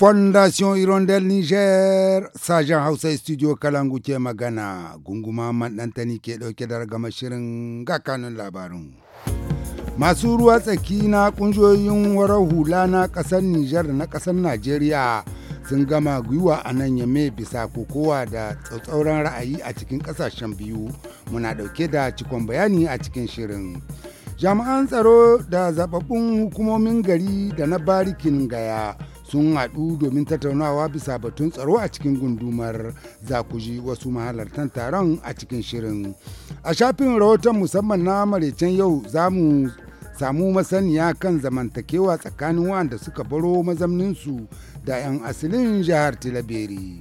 fondation irondel niger sajan hausa studio kalangu ke magana gunguma maɗantani ke ɗauke da gama shirin ga kanun labarin masu ruwa tsaki na ƙungiyoyin warar hula na ƙasar niger da na ƙasar najeriya sun gama gwiwa a nan yame bisa kokowa da tsautsauran ra'ayi a cikin ƙasashen biyu muna ɗauke da cikon bayani a cikin shirin jami'an tsaro da zababbun hukumomin gari da na barikin gaya sun haɗu domin tattaunawa bisa batun tsaro a cikin gundumar zakuji wasu mahalartan taron a cikin shirin a shafin rahoton musamman na maraicen yau za mu samu masaniya kan zamantakewa tsakanin wanda suka baro mazamninsu da 'yan asalin jihar tilaberi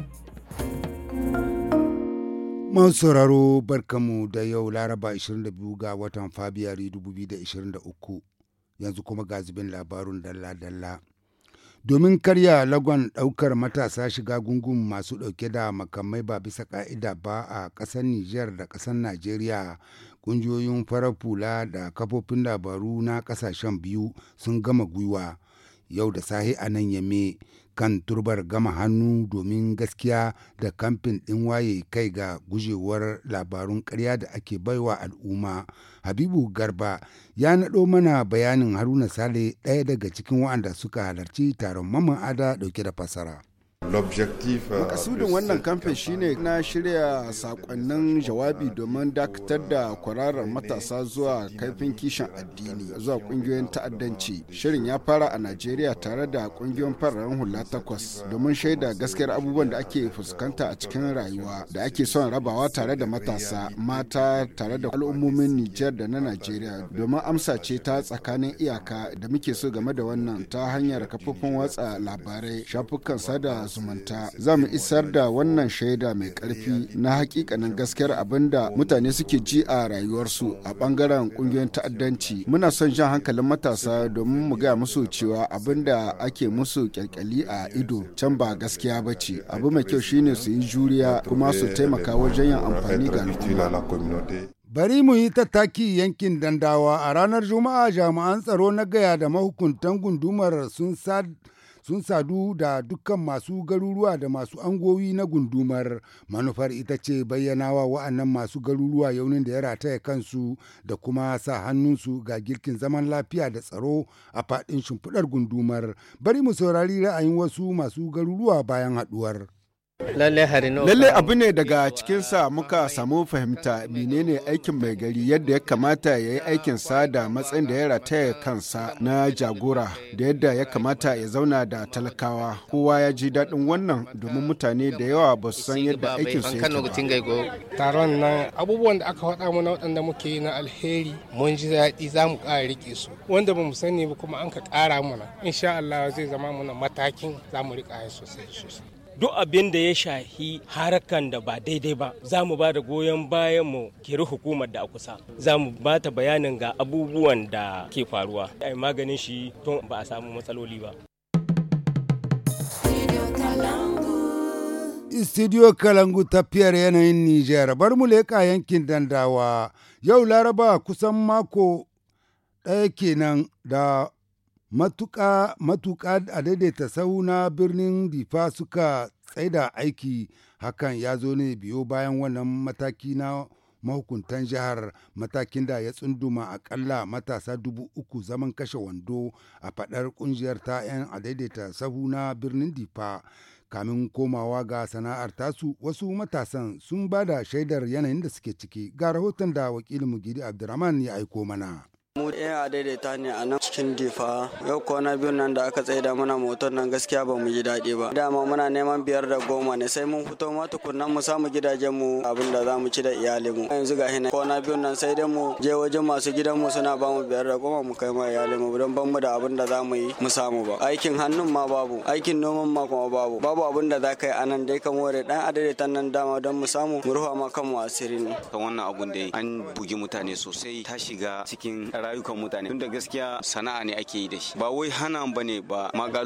Masu sauraro barkamu da yau laraba 22 ga watan fabiyari 2023 yanzu kuma ga labarun dalla-dalla. domin karya lagon ɗaukar matasa shiga gungun masu ɗauke da makamai ba bisa ƙa'ida ba a ƙasar Nijar da ƙasar Najeriya ƙungiyoyin farar fula da kafofin labaru na ƙasashen biyu sun gama gwiwa yau da sahi a nan yame kan turbar gama hannu domin gaskiya da kamfin ɗin waye kai ga gujewar labarun karya da ake baiwa al'umma. Habibu Garba ya naɗo mana bayanin Haruna Sale ɗaya daga cikin wa'anda suka halarci taron mamman ada ɗauke da fasara. Euh, makasudin wannan kamfen shine na shirya sakonnin jawabi domin dakatar da kwararar matasa zuwa kaifin kishin addini zuwa kungiyoyin ta'addanci shirin ya fara a najeriya tare da kungiyoyin fararen hula takwas domin shaida gaskiyar abubuwan da ake fuskanta a cikin rayuwa da ake son rabawa tare da matasa mata tare da al'ummomin nijar da na najeriya domin amsa ce ta tsakanin iyaka da muke so game da wannan ta hanyar kafofin watsa labarai shafukan sada zumunta za mu isar da wannan shaida mai karfi na hakikanin gaskiyar abin da mutane suke ji a rayuwarsu a bangaren kungiyoyin ta'addanci muna son jan hankalin matasa domin mu gaya musu cewa abin da ake musu kyalkyali a ido can ba gaskiya ba ce abu mai kyau shine su yi juriya kuma su taimaka wajen yin amfani ga al'umma Bari mu yi tattaki yankin dandawa a ranar Juma'a jami'an tsaro na gaya da mahukuntan gundumar sun sun sadu da dukkan masu garuruwa da masu angowi na gundumar manufar ita ce bayyanawa wa'annan masu garuruwa yaunin da ya rataya kansu da kuma sa hannunsu ga girkin zaman lafiya da tsaro a faɗin shimfiɗar gundumar bari mu saurari ra'ayin wasu masu garuruwa bayan haɗuwar. Lalle abu ne daga cikin sa muka samu fahimta menene aikin mai gari yadda ya kamata ya yi aikinsa da matsayin da ya rataya kansa na jagora da yadda ya kamata ya zauna da talakawa. Kowa ya ji daɗin wannan domin mutane da yawa ba su san yadda aikin yake Taron nan abubuwan da aka faɗa mana waɗanda muke yi na alheri mun ji daɗi za mu ƙara riƙe su. Wanda ba mu sani ba kuma an ka ƙara mana. Insha Allah zai zama mana matakin za mu riƙa sosai sosai. duk abin da ya shahi harakan da ba daidai ba za mu ba da goyon bayan mu kiri hukumar da a kusa za mu ba ta bayanin ga abubuwan da ke faruwa a maganin shi tun ba a samu matsaloli ba studio kalangu tafiyar yanayin Nijar bar mu leka yankin dandawa yau laraba kusan mako ɗaya kenan da matuƙa matuƙa a daidaita sahu na birnin difa suka tsaida aiki hakan ya zo ne biyo bayan wannan mataki na mahukuntan jihar matakin da ya tsunduma akalla matasa dubu uku zaman kashe wando a fadar kungiyar ta 'yan a daidaita sahu na birnin difa kamin komawa ga sana'ar tasu wasu matasan sun ba da shaidar yanayin da suke ciki ga rahoton da wakilin gidi abdurrahman ya aiko mana mu a daidaita ne a nan cikin difa yau kwana biyun nan da aka da mana motar nan gaskiya ba mu ji daɗi ba dama muna neman biyar da goma ne sai mun fito ma tukunnan mu samu gidajen mu abin da za mu ci da iyali mu yanzu ga hina kwana biyun nan sai dai mu je wajen masu gidan mu suna ba mu biyar da goma mu kai ma iyali mu don ban mu da abin da za mu yi mu samu ba aikin hannun ma babu aikin noman ma kuma babu babu abin da za ka yi a nan dai ka more dan adadaitan nan dama don mu samu mu rufa ma kanmu asiri ne kan wannan abun da an bugi mutane sosai ta shiga cikin rayukan mutane tunda gaskiya sana'a ne ake yi da shi ba wai hana ba ne ba ma da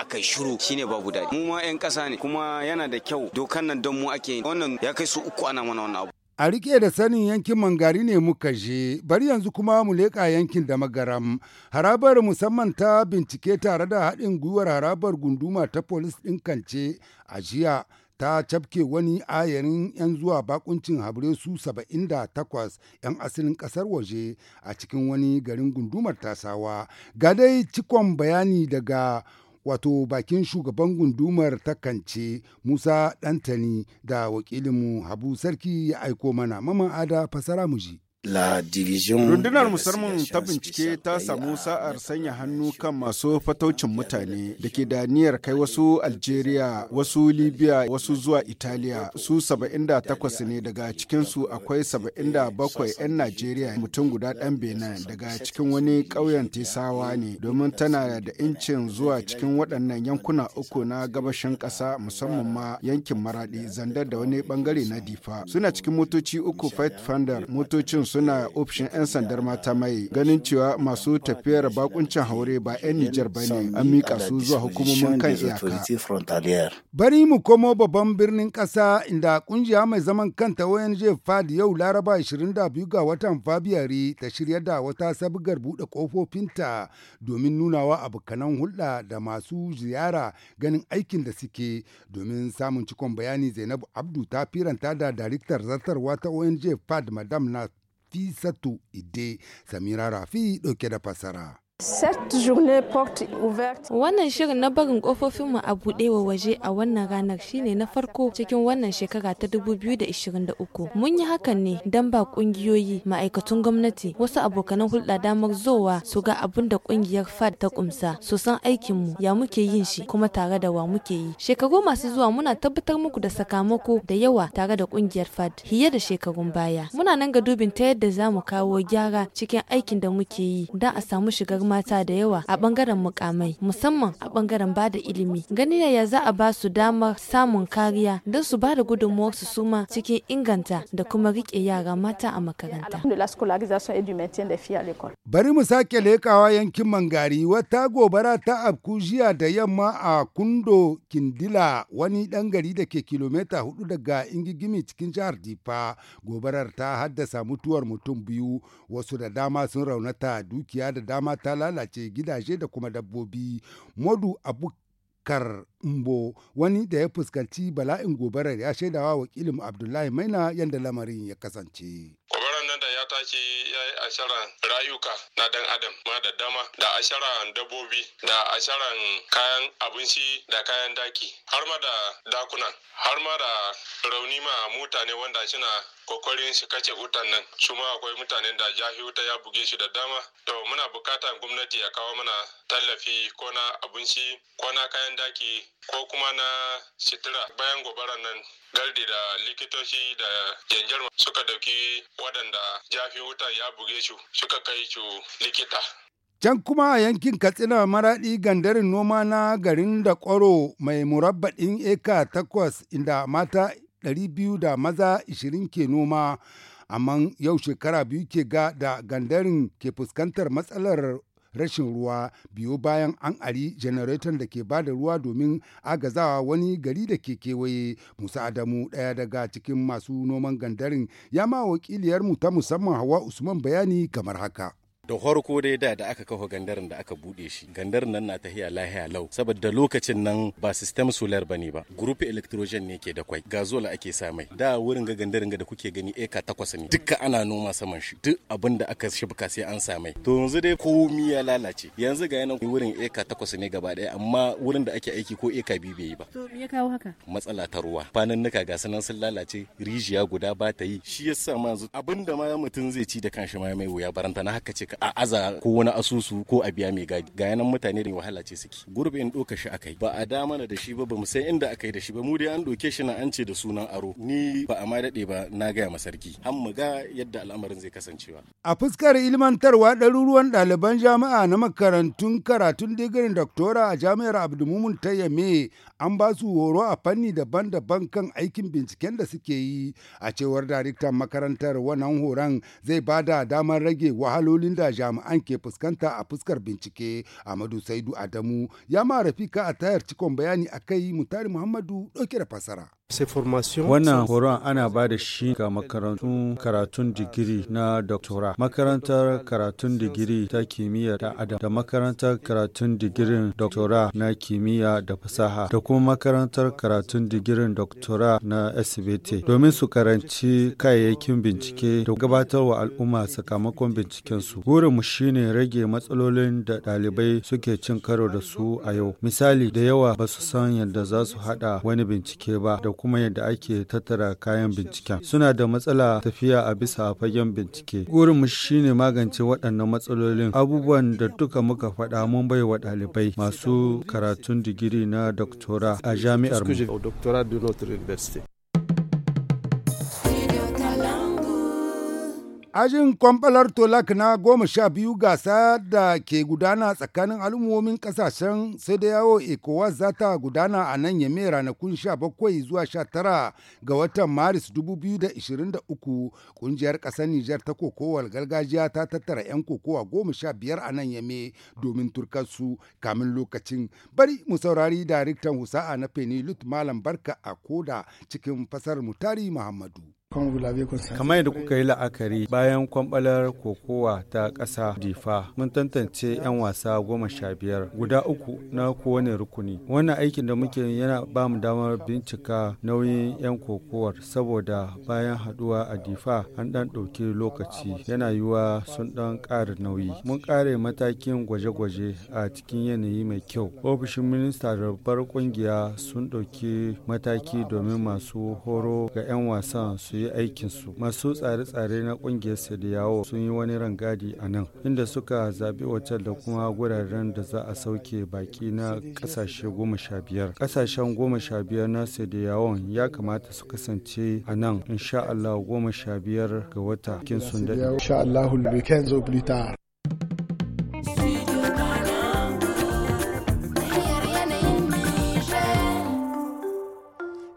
aka shiru shine babu daɗi mu ma 'yan ƙasa ne kuma yana da kyau dokan nan don mu ake yi wannan ya kai su uku ana mana wannan abu a rike da sanin yankin mangari ne muka je bari yanzu kuma mu leƙa yankin da magaram harabar musamman ta bincike tare da haɗin gwiwar harabar gunduma ta polis ɗin kance a jiya ta cafke wani ayarin 'yan zuwa bakuncin habire su 78 'yan asalin kasar waje a cikin wani garin gundumar tasawa ga dai cikon bayani daga wato bakin shugaban gundumar takance musa dantani da wakilinmu habu sarki ya aiko mana mama ada fasara muji La division Rundunar musamman ta bincike ta samu sa'ar sanya hannu kan masu fataucin mutane da ke da niyyar kai wasu Algeria, wasu Libya, wasu zuwa Italiya su 78 ne daga cikinsu akwai 77 'yan Najeriya mutum guda ɗan Benin daga cikin wani ƙauyen Tesawa ne domin tana da incin zuwa cikin waɗannan yankuna uku na gabashin ƙasa musamman ma yankin Maraɗi, Zandar da wani ɓangare na Difa. Suna cikin motoci uku Fight Fender motocin suna ofishin 'yan sandar mata mai ganin cewa masu tafiyar bakuncin haure ba 'yan Nijar ba ne an mika su zuwa hukumomin kan iyaka. Bari mu komo babban birnin ƙasa inda kungiya mai zaman kanta ONG FAD yau Laraba 22 ga watan Fabiyari ta shirya da wata sabgar buɗe ƙofofinta domin nunawa abokanan hulɗa da masu ziyara ganin aikin da suke domin samun cikon bayani Zainabu Abdu ta firanta da daliktar zartarwa ta ONG FAD Madam Nat fisatu Ide, Samira Rafi ɗauke da fasara. Wannan shirin na barin kofofinmu a buɗe wa waje a wannan ranar shine na farko cikin wannan shekara ta 2023. Mun yi hakan ne don ba ƙungiyoyi, ma'aikatun gwamnati, wasu abokanan hulɗa damar zowa su ga abin da ƙungiyar FAD ta ƙumsa su san aikinmu, ya muke yin shi kuma tare da wa muke yi. Shekaru masu zuwa muna tabbatar muku da sakamako da yawa tare da ƙungiyar FAD fiye da shekarun baya. Muna nan ga dubin ta yadda za mu kawo gyara cikin aikin da muke yi don a samu shigar mata da yawa a bangaren mukamai musamman a bangaren bada ilimi gani ya za a ba su damar samun kariya don su ba da gudunmuwar su suma cikin inganta da kuma rike yara mata a makaranta bari mu sake lekawa yankin mangari wata gobara ta afku jiya da yamma a kundo kindila wani dan gari da ke kilomita hudu daga ingigimi cikin jihar difa gobarar ta haddasa mutuwar mutum biyu wasu da dama sun raunata dukiya da dama ta lalace gidaje da kuma dabbobi. Modu Abu Kar Mbo wani da ya fuskanci bala'in gobarar ya shaidawa wakilin Abdullahi Maina yadda lamarin ya kasance. Gobarar nan da ya tashi ya yi asharan rayuka na dan adam ma da dama da asharan dabbobi da asharan kayan abinci da kayan daki har ma da dakuna har ma da rauni ma mutane wanda suna kokarin su kace wutan nan su ma akwai mutanen da jahi wuta ya buge shi da dama to muna bukatar gwamnati ya kawo mana tallafi ko na abinci ko na kayan daki ko kuma na sitira bayan gobarar nan gardi da likitoci da janjar suka dauki waɗanda jafi wuta ya ya buge shi suka kai shi likita. Can kuma a yankin Katsina maraɗi gandarin noma na garin da ƙwaro mai murabba'in eka takwas inda mata 200 da maza 20 ke noma, amma yau shekara biyu ke ga da gandarin ke fuskantar matsalar rashin ruwa biyo bayan an ari janareton da ke ba da ruwa domin agazawa wani gari da ke kewaye musa adamu ɗaya daga cikin masu noman gandarin ya ma wakiliyarmu ta musamman hawa usman bayani kamar haka da farko dai da da aka kafa gandarin da aka bude shi gandarin nan na tahiya lahiya lau saboda lokacin nan ba system solar bane ba group electrogen ne ke da kwai gazola ake sa mai da wurin ga gandarin ga da kuke gani eka takwas ne dukka ana noma saman shi duk abin da aka shibka sai an sa mai to yanzu dai komi ya lalace yanzu ga yanan wurin eka takwas ne gaba daya amma wurin da ake aiki ko eka biyu bai yi ba to me ya kawo haka matsala ta ruwa fanan nuka ga sanan sun lalace rijiya guda ba ta yi shi yasa ma yanzu abinda ma mutum zai ci da kanshi ma mai wuya baranta na haka ce a aza ko wani asusu ko a biya mai gadi ga yanan mutane da wahala ce suke gurbi in doka shi akai ba a da mana da shi ba bamu san inda akai da shi ba mu dai an ɗauke shi na an ce da sunan aro ni ba a ma dade ba na gaya ma sarki an mu ga yadda al'amarin zai kasancewa a fuskar ilmantarwa ɗaruruwan ɗaliban jami'a na makarantun karatun digirin doctorate a jami'ar ta tayyame an ba su horo a fanni daban-daban kan aikin binciken da suke yi a cewar daraktan makarantar wannan horon zai ba da damar rage wahalolin da jami'an ke fuskanta a fuskar bincike amadu saidu adamu ya marafi ka a tayar cikon bayani akai mutari muhammadu ɗauke da fasara Wannan horon ana ba da shi ga makarantun karatun digiri na doktora, makarantar karatun digiri ta kimiyya da adam da makarantar karatun digirin doktora na kimiyya da fasaha da kuma makarantar karatun digirin doktora na SBT domin su karanci kayayyakin bincike da gabatar wa al'umma sakamakon bincikensu. shi shine rage matsalolin da ɗalibai suke cin karo da su a yau. Misali da yawa ba su san yadda za su haɗa wani bincike ba da kuma yadda ake tattara kayan binciken suna da matsala tafiya a bisa a fagen bincike gurinmu shine magance waɗannan matsalolin abubuwan da duka muka faɗa mun bai wa ɗalibai masu karatun digiri na doktora a jami'ar mu Ajin Kwambalar tolak na goma sha biyu gasa da ke gudana tsakanin al'ummomin kasashen sai da yawo ECOWAS za ta gudana a nan yame ranakun sha bakwai zuwa sha tara ga watan Maris 2023 kungiyar ƙasar Nijar ta kokowar gargajiya ta tattara 'yan kokowa goma sha biyar a nan yame domin turkarsu kamin lokacin. Bari mu saurari daraktan husa'a na Feni Lut Malam Barka a Koda cikin fasar Mutari Muhammadu. Kamar yadda kuka yi la'akari bayan kwambalar kokowa ta ƙasa difa mun tantance 'yan wasa goma sha biyar guda uku na kowane rukuni. Wannan aikin da muke yana ba mu damar bincika nauyin 'yan kokowar saboda bayan haduwa a difa an ɗan ɗauki lokaci yana yiwuwa sun ɗan ƙara nauyi. Mun ƙare matakin gwaje-gwaje a cikin yanayi mai kyau. Ofishin minista da babbar ƙungiya sun ɗauki mataki domin masu horo ga 'yan wasan su yi aikinsu masu tsare-tsare na kungiyar sadiyawo sun yi wani rangadi a nan inda suka zaɓi otal da kuma guraren da za a sauke baki na ƙasashe goma kasashen biyar ƙasashen na sadiyawon ya kamata su kasance a nan insha Allah goma ga wata kin sun daɗe.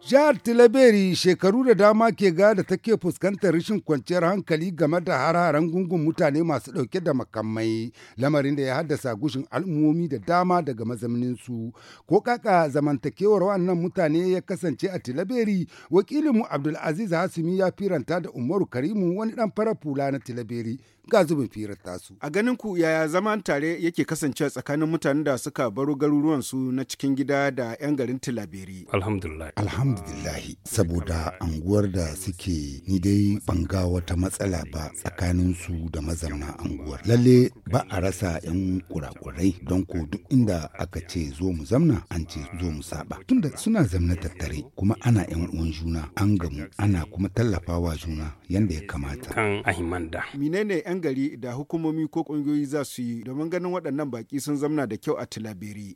Jihar Tilaberi shekaru da dama ke ga da take fuskantar rashin kwanciyar hankali game da hararen gungun mutane masu ɗauke da makamai, lamarin da ya haddasa gushin al'ummomi da dama daga mazamninsu. Ko kaka zamantakewar wannan mutane ya kasance a Tilaberi, wakilinmu Abdulaziz Hasimi ya firanta da Umaru Karimu wani dan farar fula na Tilaberi ga zubin firar tasu. A ganin ku yaya zaman tare yake kasancewa tsakanin mutanen da suka baro garuruwan su na cikin gida da 'yan garin tilabiri. Alhamdulillah. Alhamdulillah saboda anguwar da suke ni dai ban wata matsala ba tsakanin su da mazauna anguwar. Lalle ba a rasa 'yan kurakurai don ko duk inda aka ce zo mu zamna an ce zo mu saba. Tunda suna zamna tattare kuma ana 'yan uwan juna an gamu ana kuma tallafawa juna yanda ya kamata. Kan ahimanda. Menene 'yan nan gari da hukumomi ko kungiyoyi za su yi domin ganin waɗannan baƙi sun zamna da kyau a tilabiri.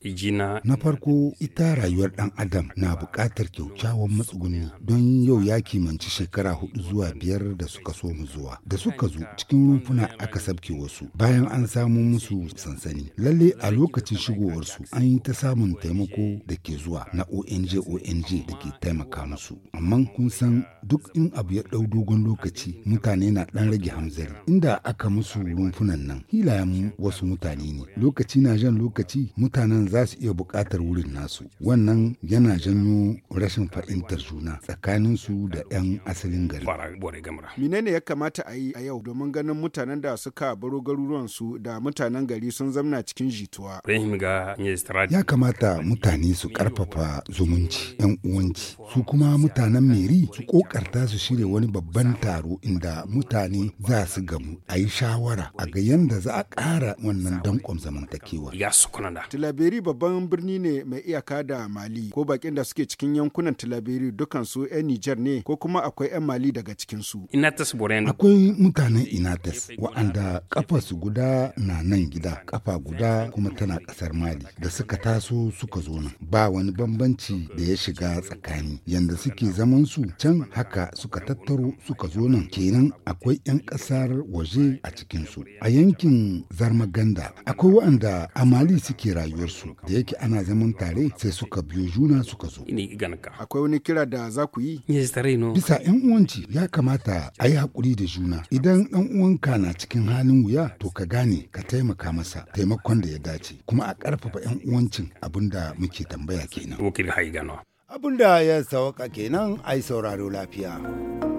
Na farko ita rayuwar ɗan adam na buƙatar kyaukyawan matsuguni don yau ya kimanci shekara hudu zuwa biyar da suka so mu zuwa. Da suka zo cikin rumfuna aka sabke wasu bayan an samu musu sansani. Lalle a lokacin shigowar su an yi ta samun taimako da ke zuwa na ONG ONG da ke taimaka musu. Amma kun san duk in abu ya ɗau dogon lokaci mutane na ɗan rage hamzari. Inda aka musu rumfunan nan hilayen wasu mutane ne lokaci na jan lokaci mutanen za su iya buƙatar wurin nasu wannan yana janyo rashin fahimtar juna tsakanin su da 'yan asalin gari menene ya kamata a yi a yau domin ganin mutanen da suka baro garuruwan su da mutanen gari sun zamna cikin jituwa ya kamata mutane su karfafa zumunci 'yan uwanci su kuma mutanen meri su kokarta su shirya wani babban taro inda mutane za su gamu a yi shawara a ga yadda za a ƙara wannan danƙon zamantakewa. Tilaberi babban birni ne mai iyaka da Mali ko bakin da suke cikin yankunan Tilaberi su 'yan Nijar ne ko kuma akwai 'yan Mali daga cikin su. Akwai mutanen Inatas wa'anda su guda na nan gida kafa guda kuma tana ƙasar Mali da suka taso suka zo nan ba wani bambanci da ya shiga tsakani yanda suke zaman su can haka suka tattaro suka zo nan kenan akwai 'yan ƙasar waje a cikin su. A yankin Zarmaganda akwai waɗanda a Mali suke rayuwarsu da yake ana zaman tare sai suka biyo juna suka zo. Akwai wani kira da za ku yi? Bisa 'yan uwanci ya kamata a yi haƙuri da juna. Idan ɗan uwanka na cikin halin wuya to ka gane ka taimaka masa taimakon da ya dace kuma a ƙarfafa 'yan uwancin abin da muke tambaya kenan. Abin da ya sauka kenan ai sauraro lafiya.